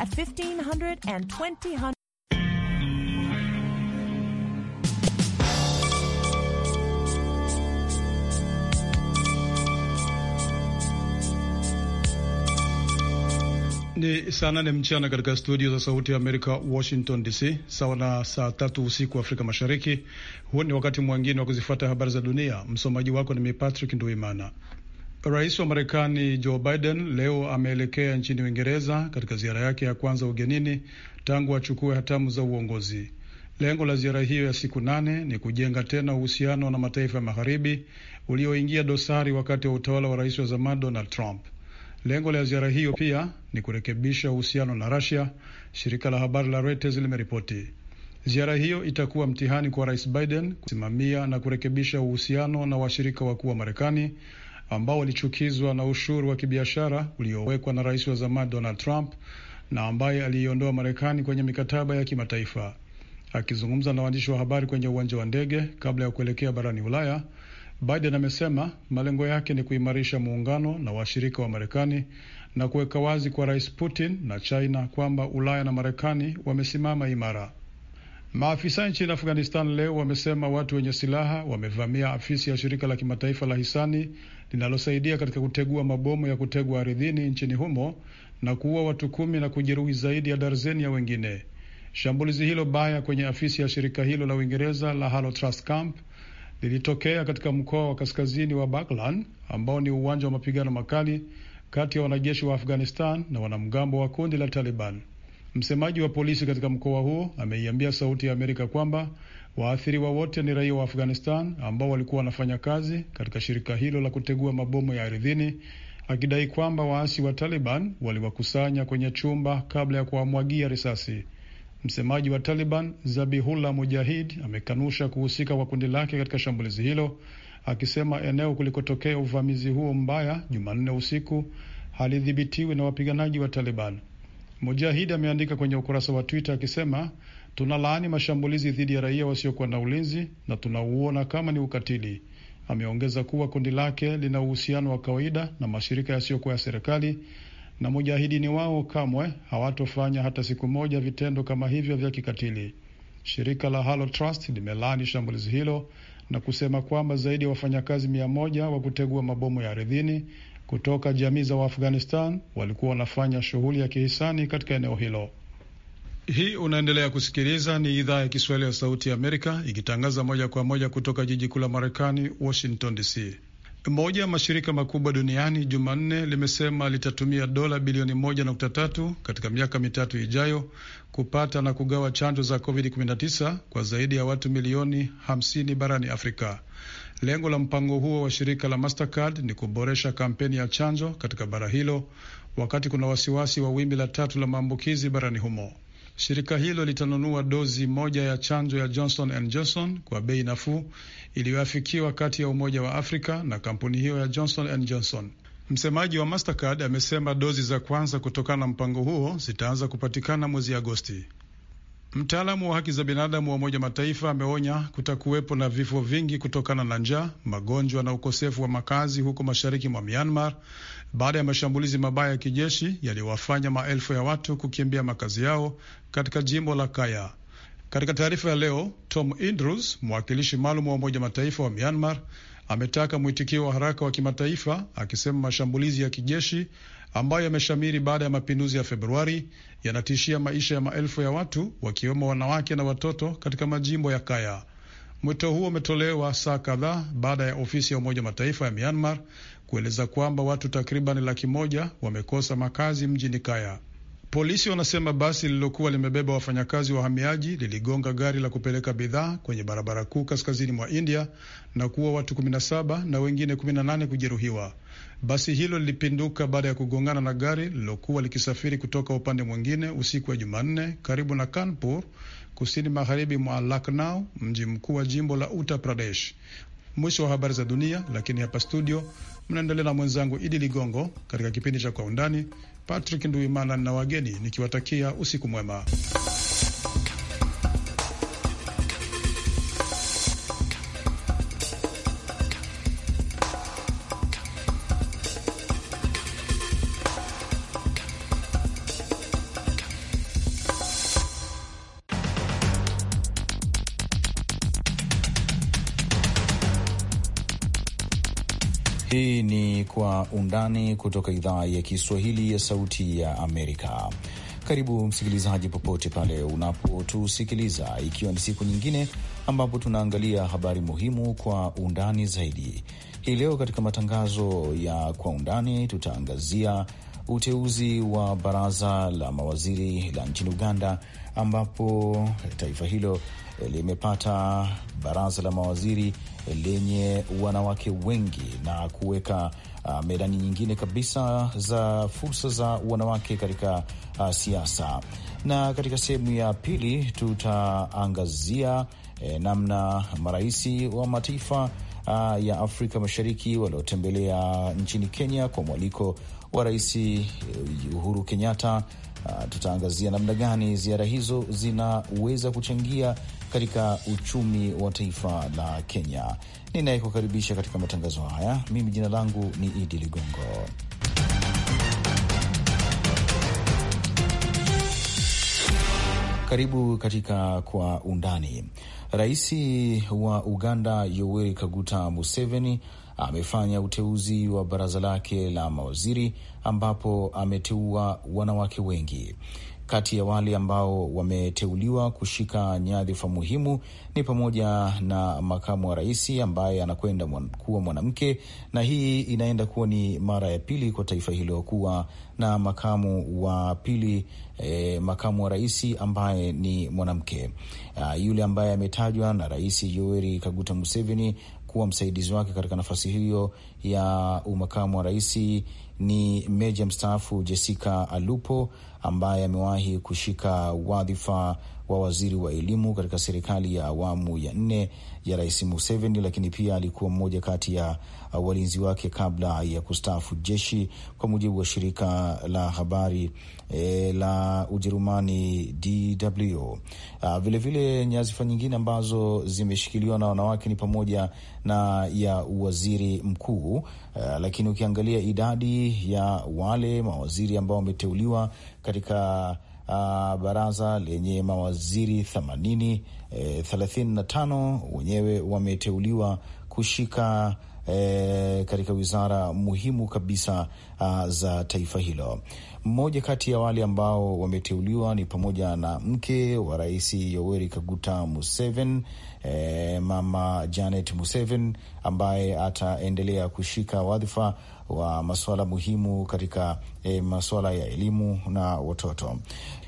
at 1500 and 2000. Ni saa nane mchana katika studio za Sauti ya Amerika, Washington DC, sawa na saa tatu usiku wa Afrika Mashariki. huu ni wakati mwingine wa kuzifuata habari za dunia. Msomaji wako ni mimi Patrick Nduimana. Rais wa Marekani Joe Biden leo ameelekea nchini Uingereza katika ziara yake ya kwanza ugenini tangu achukue hatamu za uongozi. Lengo la ziara hiyo ya siku nane ni kujenga tena uhusiano na mataifa ya magharibi ulioingia dosari wakati wa utawala wa rais wa zamani Donald Trump. Lengo la ziara hiyo pia ni kurekebisha uhusiano na Russia, shirika la habari la Reuters limeripoti. Ziara hiyo itakuwa mtihani kwa rais Biden kusimamia na kurekebisha uhusiano na washirika wakuu wa Marekani ambao walichukizwa na ushuru wa kibiashara uliowekwa na rais wa zamani Donald Trump na ambaye aliiondoa Marekani kwenye mikataba ya kimataifa. Akizungumza na waandishi wa habari kwenye uwanja wa ndege kabla ya kuelekea barani Ulaya, Biden amesema malengo yake ni kuimarisha muungano na washirika wa Marekani na kuweka wazi kwa Rais Putin na China kwamba Ulaya na Marekani wamesimama imara. Maafisa nchini Afghanistan leo wamesema watu wenye silaha wamevamia afisi ya shirika la kimataifa la hisani linalosaidia katika kutegua mabomu ya kutegwa ardhini nchini humo na kuua watu kumi na kujeruhi zaidi ya darzeni ya wengine. Shambulizi hilo baya kwenye afisi ya shirika hilo la Uingereza la Halo Trust Camp lilitokea katika mkoa wa kaskazini wa Baghlan ambao ni uwanja wa mapigano makali kati ya wanajeshi wa Afghanistan na wanamgambo wa kundi la Taliban. Msemaji wa polisi katika mkoa huo ameiambia Sauti ya Amerika kwamba waathiriwa wote ni raia wa Afghanistan ambao walikuwa wanafanya kazi katika shirika hilo la kutegua mabomu ya ardhini, akidai kwamba waasi wa Taliban waliwakusanya kwenye chumba kabla ya kuwamwagia risasi. Msemaji wa Taliban Zabihullah Mujahid amekanusha kuhusika kwa kundi lake katika shambulizi hilo, akisema eneo kulikotokea uvamizi huo mbaya Jumanne usiku halidhibitiwi na wapiganaji wa Taliban. Mujahidi ameandika kwenye ukurasa wa Twitter akisema tunalaani mashambulizi dhidi ya raia wasiokuwa na ulinzi na tunauona kama ni ukatili. Ameongeza kuwa kundi lake lina uhusiano wa kawaida na mashirika yasiyokuwa ya serikali na mujahidini wao kamwe hawatofanya hata siku moja vitendo kama hivyo vya kikatili. Shirika la Halo Trust limelaani shambulizi hilo na kusema kwamba zaidi ya wafanyakazi mia moja wa kutegua mabomu ya ardhini kutoka jamii za Waafghanistan walikuwa wanafanya shughuli ya kihisani katika eneo hilo. Hii unaendelea kusikiliza ni idhaa ya Kiswahili ya Sauti ya Amerika ikitangaza moja kwa moja kutoka jiji kuu la Marekani, Washington DC. Moja ya mashirika makubwa duniani Jumanne limesema litatumia dola bilioni moja nukta tatu katika miaka mitatu ijayo kupata na kugawa chanjo za COVID-19 kwa zaidi ya watu milioni 50 barani Afrika. Lengo la mpango huo wa shirika la Mastercard ni kuboresha kampeni ya chanjo katika bara hilo wakati kuna wasiwasi wa wimbi la tatu la maambukizi barani humo. Shirika hilo litanunua dozi moja ya chanjo ya Johnson and Johnson kwa bei nafuu iliyoafikiwa kati ya Umoja wa Afrika na kampuni hiyo ya Johnson and Johnson. Msemaji wa Mastercard amesema dozi za kwanza kutokana na mpango huo zitaanza kupatikana mwezi Agosti. Mtaalamu wa haki za binadamu wa Umoja Mataifa ameonya kutakuwepo na vifo vingi kutokana na njaa, magonjwa na ukosefu wa makazi huko mashariki mwa Myanmar baada ya mashambulizi mabaya ya kijeshi yaliyowafanya maelfu ya watu kukimbia makazi yao katika jimbo la Kaya. Katika taarifa ya leo, Tom Indrus, mwakilishi maalum wa Umoja Mataifa wa Myanmar, ametaka mwitikio wa haraka wa kimataifa, akisema mashambulizi ya kijeshi ambayo yameshamiri baada ya mapinduzi ya Februari yanatishia maisha ya maelfu ya watu wakiwemo wanawake na watoto katika majimbo ya Kaya. Mwito huo umetolewa saa kadhaa baada ya ofisi ya Umoja Mataifa ya Myanmar kueleza kwamba watu takriban laki moja wamekosa makazi mjini Kaya. Polisi wanasema basi lililokuwa limebeba wafanyakazi wahamiaji liligonga gari la kupeleka bidhaa kwenye barabara kuu kaskazini mwa India na kuua watu 17 na wengine 18 kujeruhiwa. Basi hilo lilipinduka baada ya kugongana na gari lilokuwa likisafiri kutoka upande mwingine usiku wa Jumanne karibu na Kanpur, kusini magharibi mwa Lucknow, mji mkuu wa jimbo la Uttar Pradesh. Mwisho wa habari za dunia, lakini hapa studio mnaendelea na mwenzangu Idi Ligongo katika kipindi cha Kwa Undani. Patrick Nduimana na wageni nikiwatakia usiku mwema. kwa undani kutoka idhaa ya Kiswahili ya Sauti ya Amerika. Karibu msikilizaji, popote pale unapotusikiliza, ikiwa ni siku nyingine ambapo tunaangalia habari muhimu kwa undani zaidi. Hii leo katika matangazo ya kwa undani tutaangazia uteuzi wa baraza la mawaziri la nchini Uganda, ambapo taifa hilo limepata baraza la mawaziri lenye wanawake wengi na kuweka uh, medani nyingine kabisa za fursa za wanawake katika uh, siasa. Na katika sehemu ya pili tutaangazia eh, namna maraisi wa mataifa uh, ya Afrika Mashariki waliotembelea nchini Kenya kwa mwaliko wa Rais eh, Uhuru Kenyatta Ah, tutaangazia namna gani ziara hizo zinaweza kuchangia katika uchumi wa taifa la Kenya. Ninayekukaribisha katika matangazo haya mimi, jina langu ni Idi Ligongo. Karibu katika Kwa Undani. Rais wa Uganda Yoweri Kaguta Museveni amefanya uteuzi wa baraza lake la mawaziri ambapo ameteua wanawake wengi. Kati ya wale ambao wameteuliwa kushika nyadhifa muhimu ni pamoja na makamu wa rais ambaye anakwenda mwan, kuwa mwanamke, na hii inaenda kuwa ni mara ya pili kwa taifa hilo kuwa na makamu wa pili E, makamu wa rais ambaye ni mwanamke. Uh, yule ambaye ametajwa na Rais Yoweri Kaguta Museveni kuwa msaidizi wake katika nafasi hiyo ya umakamu wa rais ni meja mstaafu Jessica Alupo ambaye amewahi kushika wadhifa wa waziri wa elimu katika serikali ya awamu ya nne ya Rais Museveni, lakini pia alikuwa mmoja kati ya uh, walinzi wake kabla ya kustaafu jeshi, kwa mujibu wa shirika la habari e, la Ujerumani DW. Uh, Vilevile nyazifa nyingine ambazo zimeshikiliwa na wanawake ni pamoja na ya uwaziri mkuu a, uh, lakini ukiangalia idadi ya wale mawaziri ambao wameteuliwa katika uh, baraza lenye mawaziri themanini eh, thelathini na tano wenyewe wameteuliwa kushika E, katika wizara muhimu kabisa a, ah, za taifa hilo. Mmoja kati ya wale ambao wameteuliwa ni pamoja na mke wa Rais Yoweri Kaguta Museveni, e, Mama Janet Museveni ambaye ataendelea kushika wadhifa wa masuala muhimu katika e, masuala ya elimu na watoto.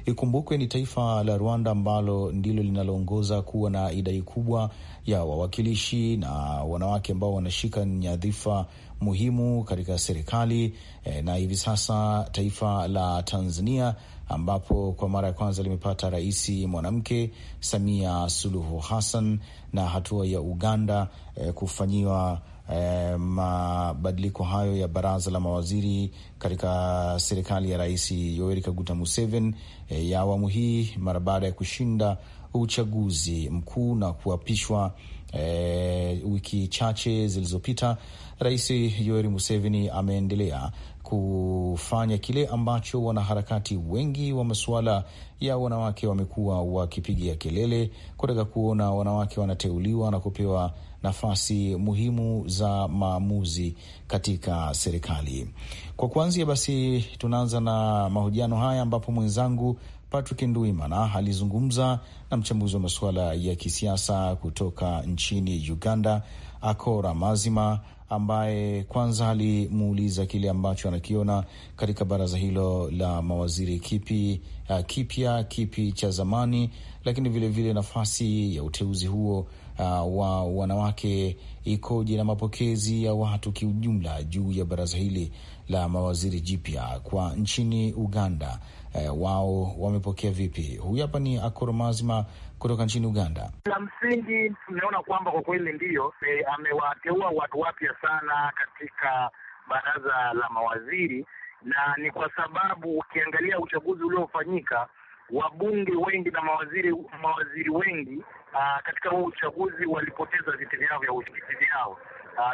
Ikumbukwe ni taifa la Rwanda ambalo ndilo linaloongoza kuwa na idadi kubwa ya wawakilishi na wanawake ambao wanashika nyadhifa muhimu katika serikali e, na hivi sasa taifa la Tanzania ambapo kwa mara ya kwanza limepata rais mwanamke Samia Suluhu Hassan na hatua ya Uganda e, kufanyiwa eh, mabadiliko hayo ya baraza la mawaziri katika serikali ya Rais Yoweri Kaguta Museveni eh, ya awamu hii mara baada ya kushinda uchaguzi mkuu na kuapishwa eh, wiki chache zilizopita, Rais Yoweri Museveni ameendelea kufanya kile ambacho wanaharakati wengi wa masuala ya wanawake wamekuwa wakipigia kelele, kutaka kuona wanawake wanateuliwa na kupewa nafasi muhimu za maamuzi katika serikali. Kwa kuanzia, basi tunaanza na mahojiano haya ambapo mwenzangu Patrick Nduimana alizungumza na mchambuzi wa masuala ya kisiasa kutoka nchini Uganda, Akora Mazima ambaye kwanza alimuuliza kile ambacho anakiona katika baraza hilo la mawaziri kipi uh, kipya kipi cha zamani, lakini vilevile vile nafasi ya uteuzi huo uh, wa wanawake ikoje na mapokezi ya watu kiujumla juu ya baraza hili la mawaziri jipya kwa nchini Uganda. Uh, wao wamepokea vipi? Huyu hapa ni Akoromazima kutoka nchini Uganda. La msingi tunaona kwamba kwa kweli ndiyo e, amewateua watu wapya sana katika baraza la mawaziri, na ni kwa sababu ukiangalia uchaguzi uliofanyika wabunge wengi na mawaziri mawaziri wengi aa, katika huu uchaguzi walipoteza viti vyao vya viti vyao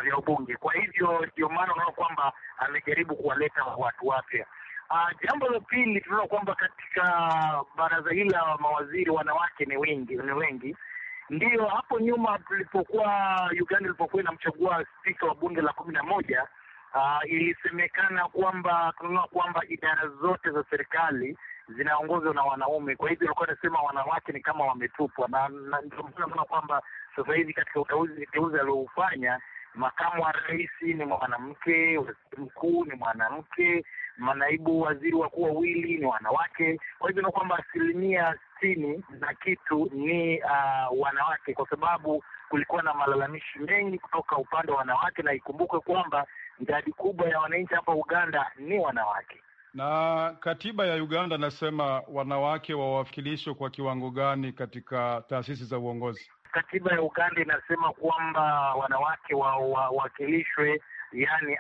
vya ubunge. Kwa hivyo ndio maana unaona kwamba amejaribu kuwaleta watu wapya. Uh, jambo la pili tunaona kwamba katika baraza hili la mawaziri wanawake ni wengi, ni wengi ndiyo. Hapo nyuma tulipokuwa Uganda ilipokuwa inamchagua spika wa bunge la kumi na moja uh, ilisemekana kwamba tunaona kwamba idara zote za serikali zinaongozwa na wanaume, kwa hivyo walikuwa wanasema wanawake ni kama wametupwa, na ndio maana tunaona kwamba sasa hivi katika uteuzi alioufanya makamu wa rais ni mwanamke, waziri mkuu ni mwanamke manaibu waziri wakuu wawili ni wanawake. Kwa hivyo ni kwamba asilimia sitini na kitu ni uh, wanawake, kwa sababu kulikuwa na malalamishi mengi kutoka upande wa wanawake, na ikumbukwe kwamba idadi kubwa ya wananchi hapa Uganda ni wanawake. Na katiba ya Uganda nasema wanawake wawakilishwe kwa kiwango gani katika taasisi za uongozi? Katiba ya Uganda inasema kwamba wanawake wawakilishwe wa, yani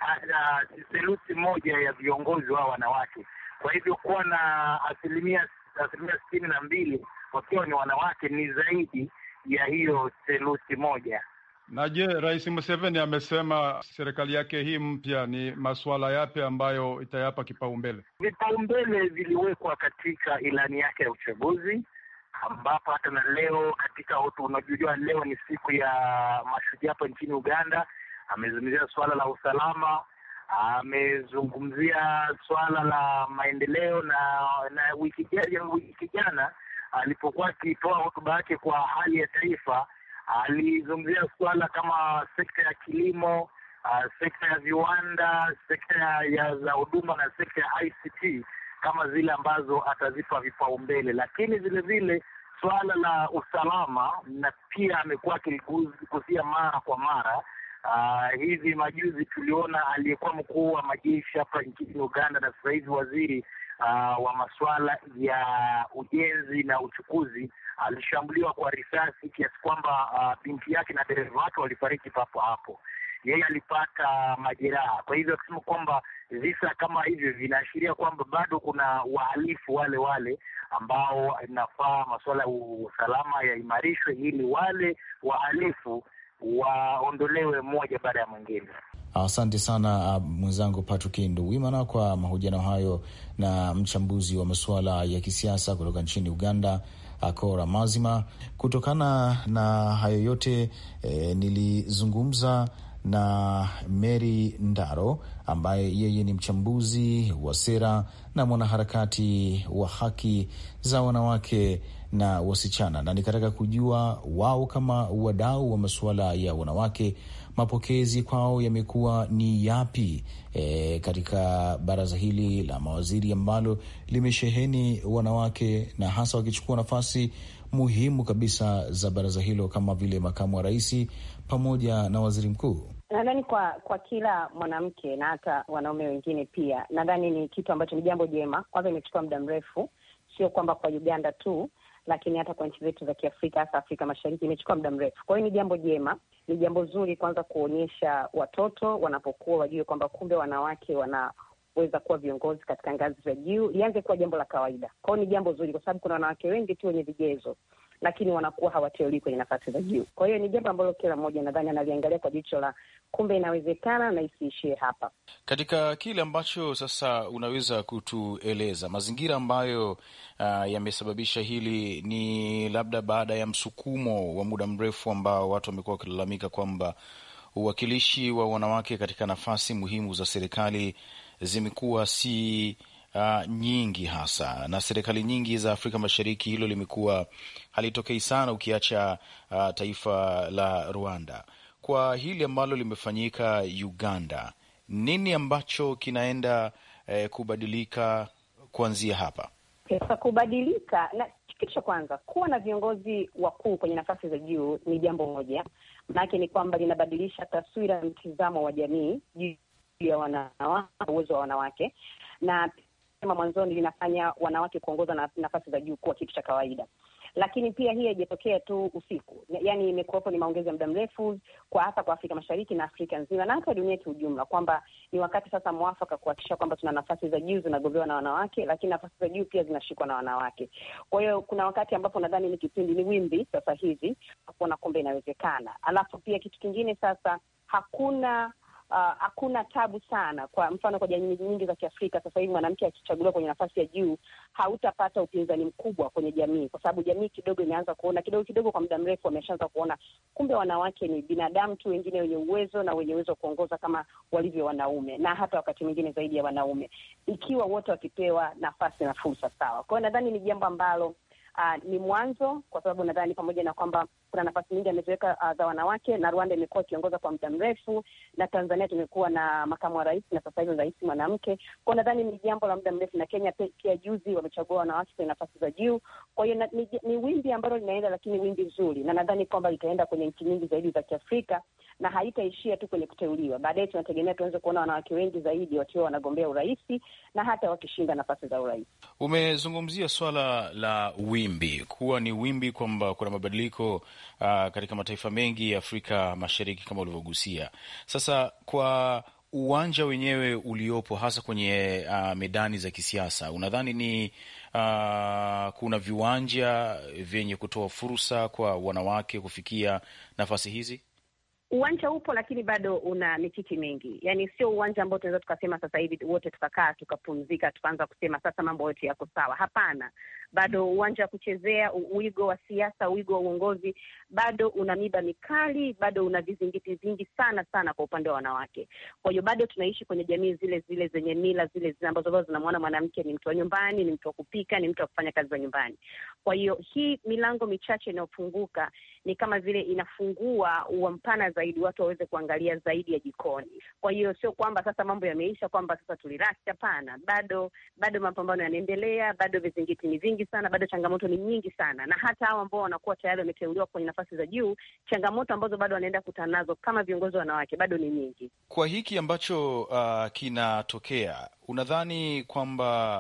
theluthi moja ya viongozi wao wanawake. Kwa hivyo kuwa na asilimia asilimia sitini na mbili wakiwa ni wanawake ni zaidi ya hiyo theluthi moja. Na je, Rais Museveni amesema serikali yake hii mpya ni masuala yapi ambayo itayapa kipaumbele? Vipaumbele viliwekwa katika ilani yake ya uchaguzi ambapo hata na leo katika hotu, unajua leo ni siku ya mashujaa hapa nchini Uganda amezungumzia suala la usalama, amezungumzia suala la maendeleo na na wiki jana alipokuwa akitoa hotuba yake kwa hali ya taifa alizungumzia suala kama sekta ya kilimo, uh, sekta ya viwanda, sekta ya za huduma na sekta ya ICT kama zile ambazo atazipa vipaumbele, lakini vilevile suala la usalama, na pia amekuwa akiligusia mara kwa mara Uh, hivi majuzi tuliona aliyekuwa mkuu wa majeshi hapa nchini Uganda na sasa hivi waziri uh, wa masuala ya ujenzi na uchukuzi alishambuliwa kwa risasi kiasi kwamba uh, binti yake na dereva wake walifariki papo hapo. Yeye alipata majeraha. Kwa hivyo akisema kwamba visa kama hivyo vinaashiria kwamba bado kuna wahalifu wale wale ambao inafaa masuala ya usalama yaimarishwe, ili wale wahalifu waondolewe mmoja baada ya mwingine. Asante sana uh, mwenzangu Patrick Nduwimana kwa mahojiano hayo na mchambuzi wa masuala ya kisiasa kutoka nchini Uganda, Akora Mazima. Kutokana na hayo yote, e, nilizungumza na Mary Ndaro ambaye yeye ni mchambuzi wa sera na mwanaharakati wa haki za wanawake na wasichana, na nikataka kujua wao kama wadau wa masuala ya wanawake mapokezi kwao yamekuwa ni yapi e, katika baraza hili la mawaziri ambalo limesheheni wanawake na hasa wakichukua nafasi muhimu kabisa za baraza hilo kama vile makamu wa rais pamoja na waziri mkuu nadhani kwa kwa kila mwanamke na hata wanaume wengine pia, nadhani ni kitu ambacho ni jambo jema. Kwanza imechukua muda mrefu, sio kwamba kwa Uganda tu, lakini hata kwa nchi zetu za Kiafrika, hasa Afrika Mashariki imechukua muda mrefu. Kwa hiyo ni jambo jema, ni jambo zuri, kwanza kuonyesha watoto wanapokuwa, wajue kwamba kumbe wanawake wana weza kuwa viongozi katika ngazi za juu, lianze kuwa jambo la kawaida. Kwa hiyo ni jambo zuri, kwa sababu kuna wanawake wengi tu wenye vigezo lakini wanakuwa hawateuliwi kwenye nafasi za juu. Kwa hiyo ni jambo ambalo kila mmoja nadhani analiangalia kwa jicho la kumbe inawezekana na isiishie hapa. Katika kile ambacho sasa unaweza kutueleza mazingira ambayo uh, yamesababisha hili, ni labda baada ya msukumo wa muda mrefu ambao watu wamekuwa wakilalamika kwamba uwakilishi wa wanawake katika nafasi muhimu za serikali zimekuwa si uh, nyingi hasa na serikali nyingi za Afrika Mashariki, hilo limekuwa halitokei sana, ukiacha uh, taifa la Rwanda. Kwa hili ambalo limefanyika Uganda, nini ambacho kinaenda eh, kubadilika kuanzia hapa? Sasa kubadilika na kitu cha kwanza kuwa na viongozi wakuu kwenye nafasi za juu ni jambo moja, maanake ni kwamba linabadilisha taswira ya mtizamo wa jamii juu ya wanawake, uwezo wa wanawake, na sema mwanzoni linafanya wanawake kuongoza na nafasi za juu kuwa kitu cha kawaida, lakini pia hii haijatokea tu usiku, yaani imekuwepo ni maongezi ya muda mrefu kwa hasa kwa Afrika Mashariki na Afrika nzima na hata dunia kiujumla, kwamba ni wakati sasa mwafaka kuhakikisha kwamba tuna nafasi za juu zinagobewa na wanawake, lakini nafasi za juu pia zinashikwa na wanawake. Kwa hiyo kuna wakati ambapo nadhani ni kipindi, ni wimbi sasa hivi kuona kumbe inawezekana. Alafu pia kitu kingine sasa hakuna Uh, hakuna uh, tabu sana. Kwa mfano, kwa jamii nyingi za Kiafrika sasa hivi mwanamke akichaguliwa kwenye nafasi ya juu hautapata upinzani mkubwa kwenye jamii, kwa sababu jamii kidogo imeanza kuona kidogo kidogo, kwa muda mrefu wameshaanza kuona kumbe wanawake ni binadamu tu, wengine wenye uwezo na wenye uwezo wa kuongoza kama walivyo wanaume, na hata wakati mwingine zaidi ya wanaume, ikiwa wote wakipewa nafasi na fursa sawa. Kwa hiyo nadhani ni jambo ambalo uh, ni mwanzo, kwa sababu nadhani pamoja na kwamba kuna nafasi nyingi ametoweka uh, za wanawake, na Rwanda imekuwa ikiongoza kwa muda mrefu, na Tanzania tumekuwa na makamu wa rais na sasa hivi rais mwanamke. Kwa nadhani ni jambo la muda mrefu, na Kenya pia juzi wamechagua wanawake kwenye nafasi za juu. Kwa hiyo ni, ni wimbi ambalo linaenda, lakini wimbi zuri, na nadhani kwamba litaenda kwenye nchi nyingi zaidi za Kiafrika na haitaishia tu kwenye kuteuliwa. Baadaye tunategemea tuanze kuona wanawake wengi zaidi wakiwa wanagombea urais na hata wakishinda nafasi za urais. Umezungumzia swala la wimbi kuwa ni wimbi, kwamba kuna mabadiliko uh, katika mataifa mengi ya Afrika Mashariki kama ulivyogusia. Sasa kwa uwanja wenyewe uliopo hasa kwenye uh, medani za kisiasa, unadhani ni uh, kuna viwanja vyenye kutoa fursa kwa wanawake kufikia nafasi hizi? Uwanja upo lakini bado una michichi mingi, yani sio uwanja ambao tunaweza tukasema sasa hivi wote tukakaa tukapumzika tukaanza kusema sasa mambo yote yako sawa. Hapana, bado uwanja wa kuchezea, wigo wa siasa, wigo wa uongozi bado una miba mikali, bado una vizingiti vingi sana sana kwa upande wa wanawake. Kwa hiyo bado tunaishi kwenye jamii zile zile zenye mila zile zile ambazo bado zinamwona mwanamke ni mtu wa nyumbani, ni mtu wa kupika, ni mtu wa kufanya kazi za nyumbani. Kwa hiyo hii milango michache inayofunguka ni kama vile inafungua uwa mpana zaidi, watu waweze kuangalia zaidi ya jikoni. Kwa hiyo sio kwamba sasa mambo yameisha, kwamba sasa tulirasi. Hapana, bado bado mapambano yanaendelea, bado vizingiti ni vingi nyingi sana, bado changamoto ni nyingi sana, na hata hao ambao wanakuwa tayari wameteuliwa kwenye nafasi za juu, changamoto ambazo bado wanaenda kukutana nazo kama viongozi wanawake bado ni nyingi. Kwa hiki ambacho uh, kinatokea, unadhani kwamba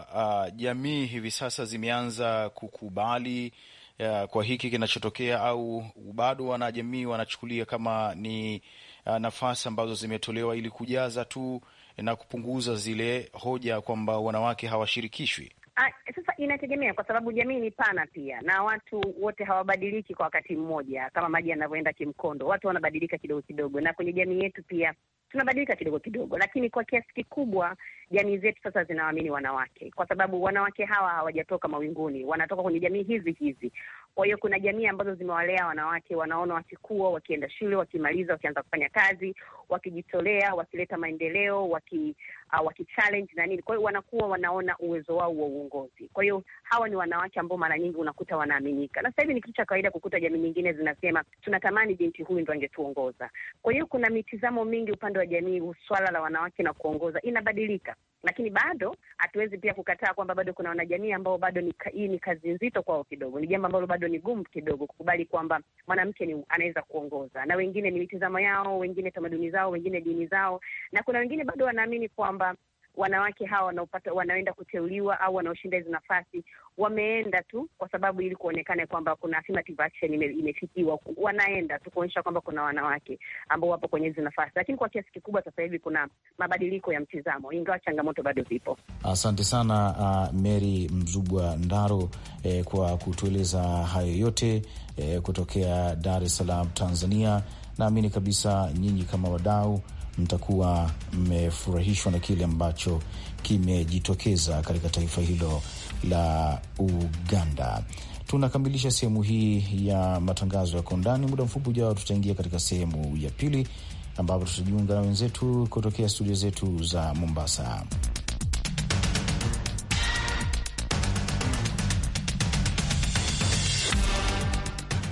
uh, jamii hivi sasa zimeanza kukubali uh, kwa hiki kinachotokea, au bado wanajamii wanachukulia kama ni uh, nafasi ambazo zimetolewa ili kujaza tu na kupunguza zile hoja kwamba wanawake hawashirikishwi? Ah, sasa inategemea kwa sababu jamii ni pana pia, na watu wote hawabadiliki kwa wakati mmoja kama maji yanavyoenda kimkondo. Watu wanabadilika kidogo kidogo, na kwenye jamii yetu pia tunabadilika kidogo kidogo, lakini kwa kiasi kikubwa jamii zetu sasa zinawamini wanawake, kwa sababu wanawake hawa hawajatoka mawinguni, wanatoka kwenye jamii hizi hizi. Kwa hiyo kuna jamii ambazo zimewalea wanawake, wanaona wakikuwa, wakienda shule, wakimaliza, wakianza kufanya kazi, wakijitolea, wakileta maendeleo, waki uh, wakichallenge na nini, kwa hiyo wanakuwa wanaona uwezo wao wa uongozi. Kwa hiyo hawa ni wanawake ambao mara nyingi unakuta wanaaminika, na sasa hivi ni kitu cha kawaida kukuta jamii nyingine zinasema tunatamani binti huyu ndo angetuongoza. Kwa hiyo kuna mitizamo mingi upande wa jamii, swala la wanawake na kuongoza inabadilika, lakini bado hatuwezi pia kukataa kwamba bado kuna wanajamii ambao bado ni, hii ni kazi nzito kwao kidogo, ni jambo ambalo bado bado ni gumu kidogo kukubali kwamba mwanamke anaweza kuongoza, na wengine ni mitizamo yao, wengine tamaduni zao, wengine dini zao, na kuna wengine bado wanaamini kwamba wanawake hawa wanaopata wanaenda kuteuliwa au wanaoshinda hizo nafasi wameenda tu kwa sababu ili kuonekana kwamba kuna affirmative action imefikiwa, wanaenda tu kuonyesha kwamba kuna wanawake ambao wapo kwenye hizo nafasi. Lakini kwa kiasi kikubwa sasa hivi kuna mabadiliko ya mtizamo, ingawa changamoto bado zipo. Asante sana uh, Mary Mzubwa Ndaro eh, kwa kutueleza hayo yote eh, kutokea Dar es Salaam, Tanzania. Naamini kabisa nyinyi kama wadau mtakuwa mmefurahishwa na kile ambacho kimejitokeza katika taifa hilo la Uganda. Tunakamilisha sehemu hii ya matangazo ya Kwa Undani. Muda mfupi ujao, tutaingia katika sehemu ya pili ambapo tutajiunga na wenzetu kutokea studio zetu za Mombasa.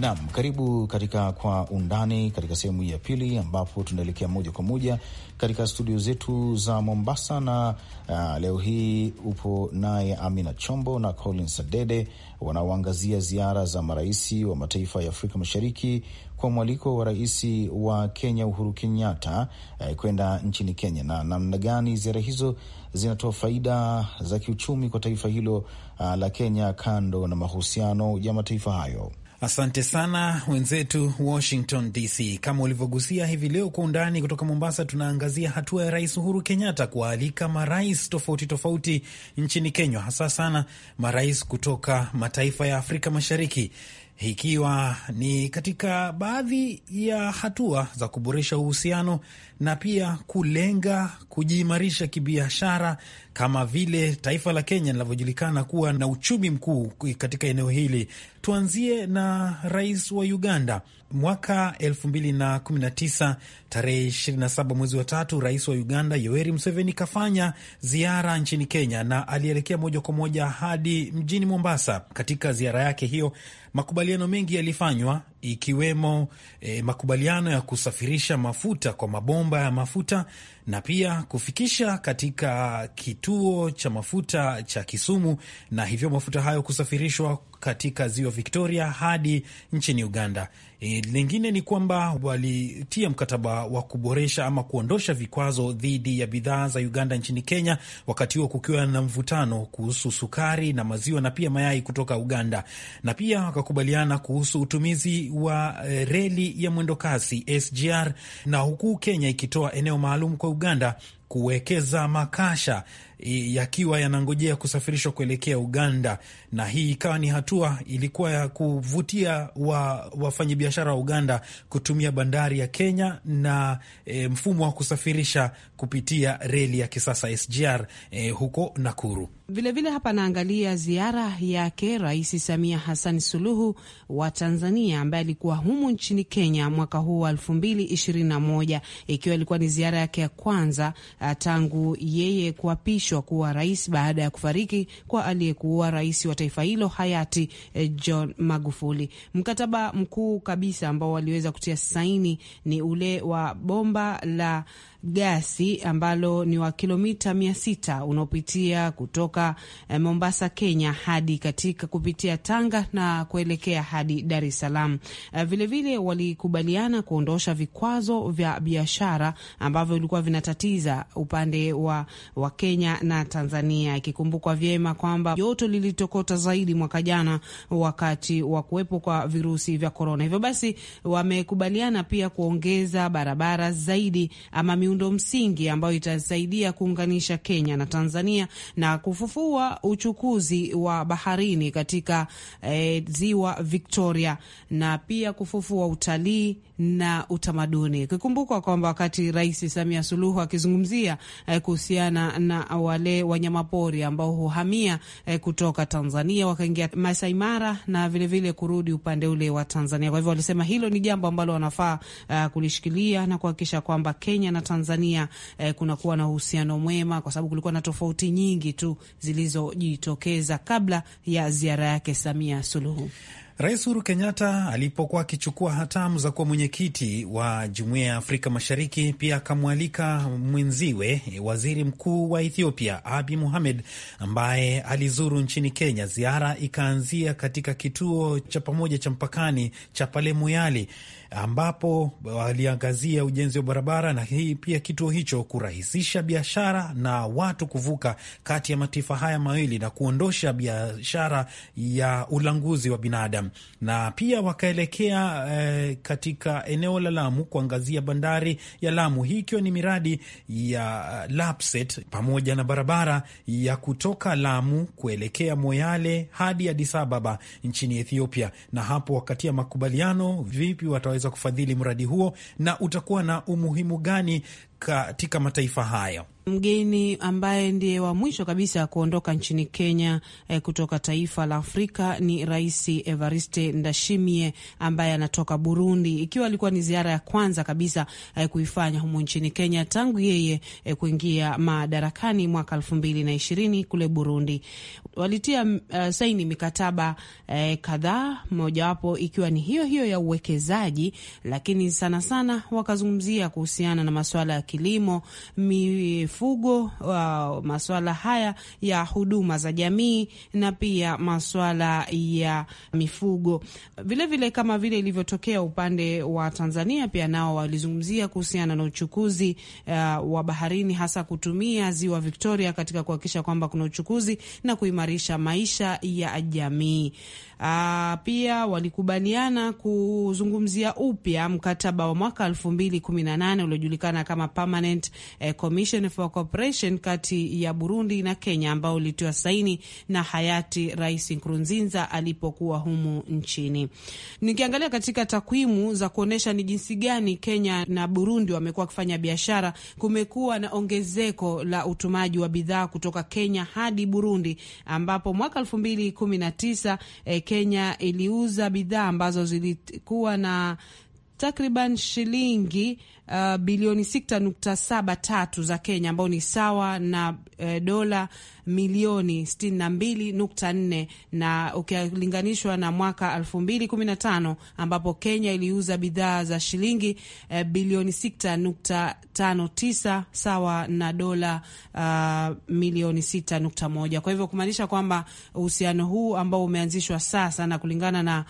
Naam, karibu katika Kwa Undani katika sehemu hii ya pili, ambapo tunaelekea moja kwa moja katika studio zetu za Mombasa na uh, leo hii upo naye Amina Chombo na Colin Sadede wanaoangazia ziara za maraisi wa mataifa ya Afrika Mashariki kwa mwaliko wa rais wa Kenya Uhuru Kenyatta eh, kwenda nchini Kenya na namna gani ziara hizo zinatoa faida za kiuchumi kwa taifa hilo uh, la Kenya, kando na mahusiano ya mataifa hayo. Asante sana wenzetu Washington DC. Kama ulivyogusia hivi leo kwa undani kutoka Mombasa, tunaangazia hatua ya Rais Uhuru Kenyatta kuwaalika marais tofauti tofauti nchini Kenya, hasa sana marais kutoka mataifa ya Afrika Mashariki, ikiwa ni katika baadhi ya hatua za kuboresha uhusiano na pia kulenga kujiimarisha kibiashara, kama vile taifa la Kenya linavyojulikana kuwa na uchumi mkuu katika eneo hili Tuanzie na rais wa Uganda. Mwaka 2019 tarehe 27 mwezi wa tatu, rais wa Uganda Yoweri Museveni kafanya ziara nchini Kenya na alielekea moja kwa moja hadi mjini Mombasa. Katika ziara yake hiyo, makubaliano mengi yalifanywa ikiwemo eh, makubaliano ya kusafirisha mafuta kwa mabomba ya mafuta na pia kufikisha katika kituo cha mafuta cha Kisumu na hivyo mafuta hayo kusafirishwa katika ziwa Victoria hadi nchini Uganda E, lingine ni kwamba walitia mkataba wa kuboresha ama kuondosha vikwazo dhidi ya bidhaa za Uganda nchini Kenya, wakati huo kukiwa na mvutano kuhusu sukari na maziwa na pia mayai kutoka Uganda, na pia wakakubaliana kuhusu utumizi wa e, reli ya mwendokasi SGR, na huku Kenya ikitoa eneo maalum kwa Uganda kuwekeza makasha yakiwa yanangojea kusafirishwa kuelekea Uganda, na hii ikawa ni hatua ilikuwa ya kuvutia wa, wafanyabiashara wa Uganda kutumia bandari ya Kenya na e, mfumo wa kusafirisha kupitia reli ya kisasa SGR e, huko Nakuru. Vilevile vile hapa naangalia ziara yake Rais Samia Hassan Suluhu wa Tanzania ambaye alikuwa humu nchini Kenya mwaka huu wa elfu mbili ishirini na moja ikiwa ilikuwa ni ziara yake ya kwanza tangu yeye kuapishwa kuapishwa kuwa rais baada ya kufariki kwa aliyekuwa rais wa taifa hilo hayati eh, John Magufuli. Mkataba mkuu kabisa ambao waliweza kutia saini ni ule wa bomba la gasi ambalo ni wa kilomita mia sita unaopitia kutoka eh, Mombasa, Kenya hadi katika kupitia Tanga na kuelekea hadi Dar es Salaam. Vilevile eh, walikubaliana kuondosha vikwazo vya biashara ambavyo vilikuwa vinatatiza upande wa, wa Kenya na Tanzania, ikikumbukwa vyema kwamba joto lilitokota zaidi mwaka jana wakati wa kuwepo kwa virusi vya korona. Hivyo basi wamekubaliana pia kuongeza barabara zaidi ama miundo msingi ambayo itasaidia kuunganisha Kenya na Tanzania na kufufua uchukuzi wa baharini katika e, ziwa Victoria na pia kufufua utalii na utamaduni, ikikumbukwa kwamba wakati Rais Samia Suluhu akizungumzia eh, kuhusiana na wale wanyamapori ambao huhamia eh, kutoka Tanzania wakaingia Masai Mara na vilevile vile kurudi upande ule wa Tanzania. Kwa hivyo walisema hilo ni jambo ambalo wanafaa uh, kulishikilia na kuhakikisha kwamba Kenya na Tanzania eh, kunakuwa na uhusiano mwema, kwa sababu kulikuwa na tofauti nyingi tu zilizojitokeza kabla ya ziara yake Samia Suluhu. Rais Uhuru Kenyatta alipokuwa akichukua hatamu za kuwa mwenyekiti wa Jumuiya ya Afrika Mashariki, pia akamwalika mwenziwe waziri mkuu wa Ethiopia Abi Muhamed ambaye alizuru nchini Kenya. Ziara ikaanzia katika kituo cha pamoja cha mpakani cha Pale Moyale ambapo waliangazia ujenzi wa barabara na hii pia kituo hicho kurahisisha biashara na watu kuvuka kati ya mataifa haya mawili na kuondosha biashara ya ulanguzi wa binadamu, na pia wakaelekea eh, katika eneo la Lamu kuangazia bandari ya Lamu, hii ikiwa ni miradi ya eh, Lapset pamoja na barabara ya kutoka Lamu kuelekea Moyale hadi Addis Ababa nchini Ethiopia, na hapo wakatia makubaliano vipi wata utaweza kufadhili mradi huo na utakuwa na umuhimu gani katika mataifa hayo. Mgeni ambaye ndiye wa mwisho kabisa kuondoka nchini Kenya eh, kutoka taifa la Afrika ni Rais Evariste Ndashimie ambaye anatoka Burundi, ikiwa alikuwa ni ziara ya kwanza kabisa eh, kuifanya humu nchini Kenya tangu yeye eh, kuingia madarakani mwaka elfu mbili na ishirini kule Burundi. Walitia uh, saini mikataba eh, kadhaa, mojawapo ikiwa ni hiyo hiyo ya uwekezaji, lakini sana sana wakazungumzia kuhusiana na masuala ya kilimo, mifugo, uh, maswala haya ya huduma za jamii na pia maswala ya mifugo vilevile vile, kama vile ilivyotokea upande wa Tanzania, pia nao walizungumzia kuhusiana na uchukuzi uh, wa baharini hasa kutumia ziwa Victoria katika kuhakikisha kwamba kuna uchukuzi na kuimarisha maisha ya jamii. Uh, pia walikubaliana kuzungumzia upya mkataba wa mwaka elfu mbili kumi na nane uliojulikana kama Permanent eh, Commission for Cooperation kati ya Burundi na Kenya ambao ulitiwa saini na hayati Rais Nkurunziza alipokuwa humu nchini. Nikiangalia katika takwimu za kuonyesha ni jinsi gani Kenya na Burundi wamekuwa wakifanya biashara, kumekuwa na ongezeko la utumaji wa bidhaa kutoka Kenya hadi Burundi, ambapo mwaka 2019 eh, Kenya iliuza bidhaa ambazo zilikuwa na takriban shilingi uh, bilioni 6.73 za Kenya ambao ni sawa na uh, dola milioni 62.4 na ukilinganishwa na mwaka 2015 ambapo Kenya iliuza bidhaa za shilingi uh, bilioni 6.59 sawa na dola uh, milioni 6.1. Kwa hivyo kumaanisha kwamba uhusiano huu ambao umeanzishwa sasa na kulingana na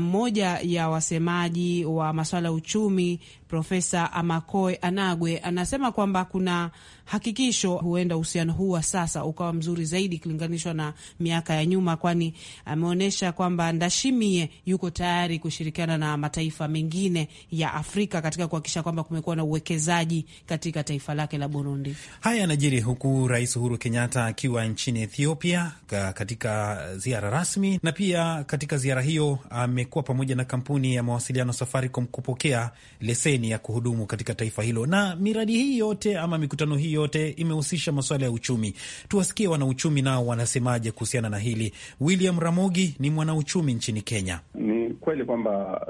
mmoja uh, ya wasemaji wa masuala ya uchumi Profesa Amakoe Anagwe anasema kwamba kuna hakikisho huenda uhusiano huu wa sasa ukawa mzuri zaidi ikilinganishwa na miaka ya nyuma, kwani ameonyesha kwamba Ndashimie yuko tayari kushirikiana na mataifa mengine ya Afrika katika kuhakikisha kwamba kumekuwa na uwekezaji katika taifa lake la Burundi. Haya yanajiri huku Rais Uhuru Kenyatta akiwa nchini Ethiopia katika ziara rasmi, na pia katika ziara hiyo amekuwa pamoja na kampuni ya mawasiliano Safaricom kupokea leseni ya kuhudumu katika taifa hilo, na miradi hii yote ama mikutano hiyo yote imehusisha masuala ya uchumi. Tuwasikie wanauchumi nao wanasemaje kuhusiana na hili. William Ramogi ni mwanauchumi nchini Kenya. Ni kweli kwamba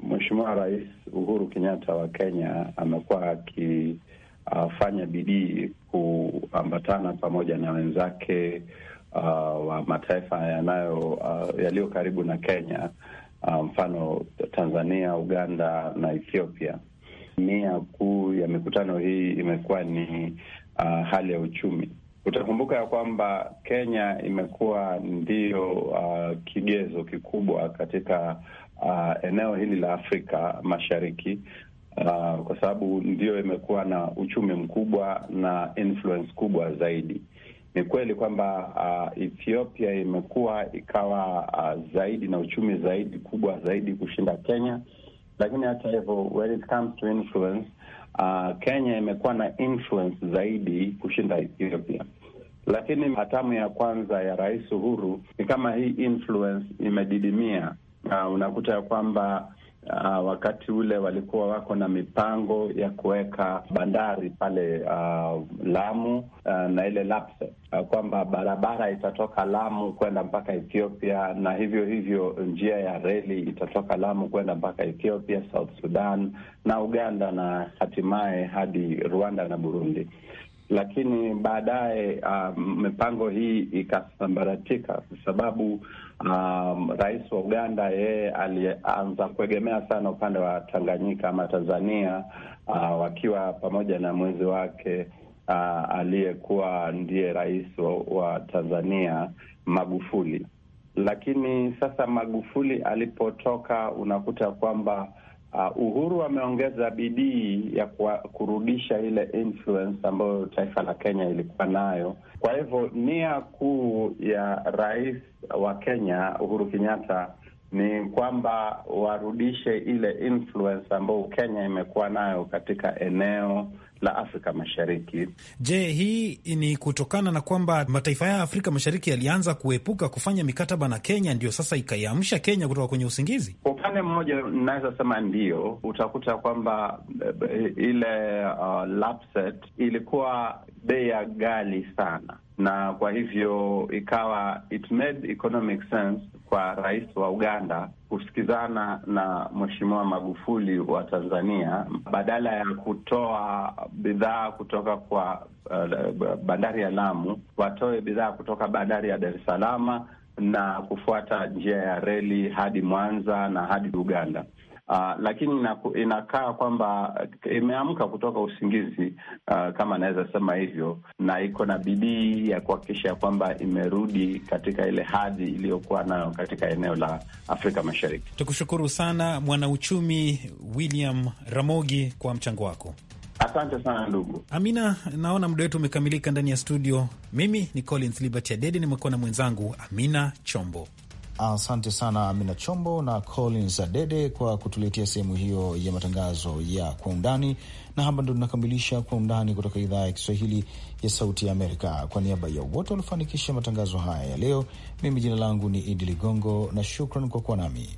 uh, Mheshimiwa Rais Uhuru Kenyatta wa Kenya amekuwa akifanya uh, bidii kuambatana pamoja na wenzake uh, wa mataifa yanayo uh, yaliyo karibu na Kenya, uh, mfano um, Tanzania, Uganda na Ethiopia Mia kuu ya mikutano hii imekuwa ni uh, hali ya uchumi. Utakumbuka ya kwamba Kenya imekuwa ndiyo uh, kigezo kikubwa katika uh, eneo hili la Afrika Mashariki uh, kwa sababu ndiyo imekuwa na uchumi mkubwa na influence kubwa zaidi. Ni kweli kwamba uh, Ethiopia imekuwa ikawa uh, zaidi na uchumi zaidi kubwa zaidi kushinda Kenya lakini hata hivyo, when it comes to influence, uh, Kenya imekuwa na influence zaidi kushinda Ethiopia lakini hatamu ya kwanza ya Rais Uhuru ni kama hii influence imedidimia, na unakuta ya kwamba Uh, wakati ule walikuwa wako na mipango ya kuweka bandari pale uh, Lamu uh, na ile lapse uh, kwamba barabara itatoka Lamu kwenda mpaka Ethiopia, na hivyo hivyo njia ya reli itatoka Lamu kwenda mpaka Ethiopia, South Sudan na Uganda, na hatimaye hadi Rwanda na Burundi lakini baadaye um, mipango hii ikasambaratika kwa sababu um, rais wa Uganda yeye alianza kuegemea sana upande wa Tanganyika ama Tanzania uh, wakiwa pamoja na mwenzi wake uh, aliyekuwa ndiye rais wa, wa Tanzania Magufuli. Lakini sasa Magufuli alipotoka unakuta kwamba Uh, Uhuru ameongeza bidii ya kwa, kurudisha ile influence ambayo taifa la Kenya ilikuwa nayo. Kwa hivyo nia kuu ya rais wa Kenya Uhuru Kenyatta ni kwamba warudishe ile influence ambayo Kenya imekuwa nayo katika eneo la Afrika Mashariki. Je, hii ni kutokana na kwamba mataifa ya Afrika Mashariki yalianza kuepuka kufanya mikataba na Kenya, ndio sasa ikaiamsha Kenya kutoka kwenye usingizi? Kwa upande mmoja naweza sema ndio, utakuta kwamba eh, eh, ile uh, lapset ilikuwa bei ya gali sana, na kwa hivyo ikawa it made economic sense kwa rais wa Uganda kusikizana na Mheshimiwa Magufuli wa Tanzania, badala ya kutoa bidhaa kutoka kwa uh, bandari ya Lamu, watoe bidhaa kutoka bandari ya Dar es Salaam na kufuata njia ya reli hadi Mwanza na hadi Uganda uh, lakini inaku, inakaa kwamba imeamka kutoka usingizi uh, kama anaweza sema hivyo, na iko na bidii ya kuhakikisha kwamba imerudi katika ile hadhi iliyokuwa nayo katika eneo la Afrika Mashariki. Tukushukuru sana mwanauchumi William Ramogi kwa mchango wako. Asante sana ndugu Amina. Naona muda wetu umekamilika ndani ya studio. Mimi ni Collins Liberty Adede, nimekuwa na mwenzangu Amina Chombo. Asante sana Amina Chombo na Collins Adede kwa kutuletea sehemu hiyo ya matangazo ya kwa undani, na hapa ndo tunakamilisha kwa undani kutoka idhaa ya Kiswahili ya Sauti ya Amerika. Kwa niaba ya wote waliofanikisha matangazo haya ya leo, mimi jina langu ni Idi Ligongo na shukran kwa kuwa nami.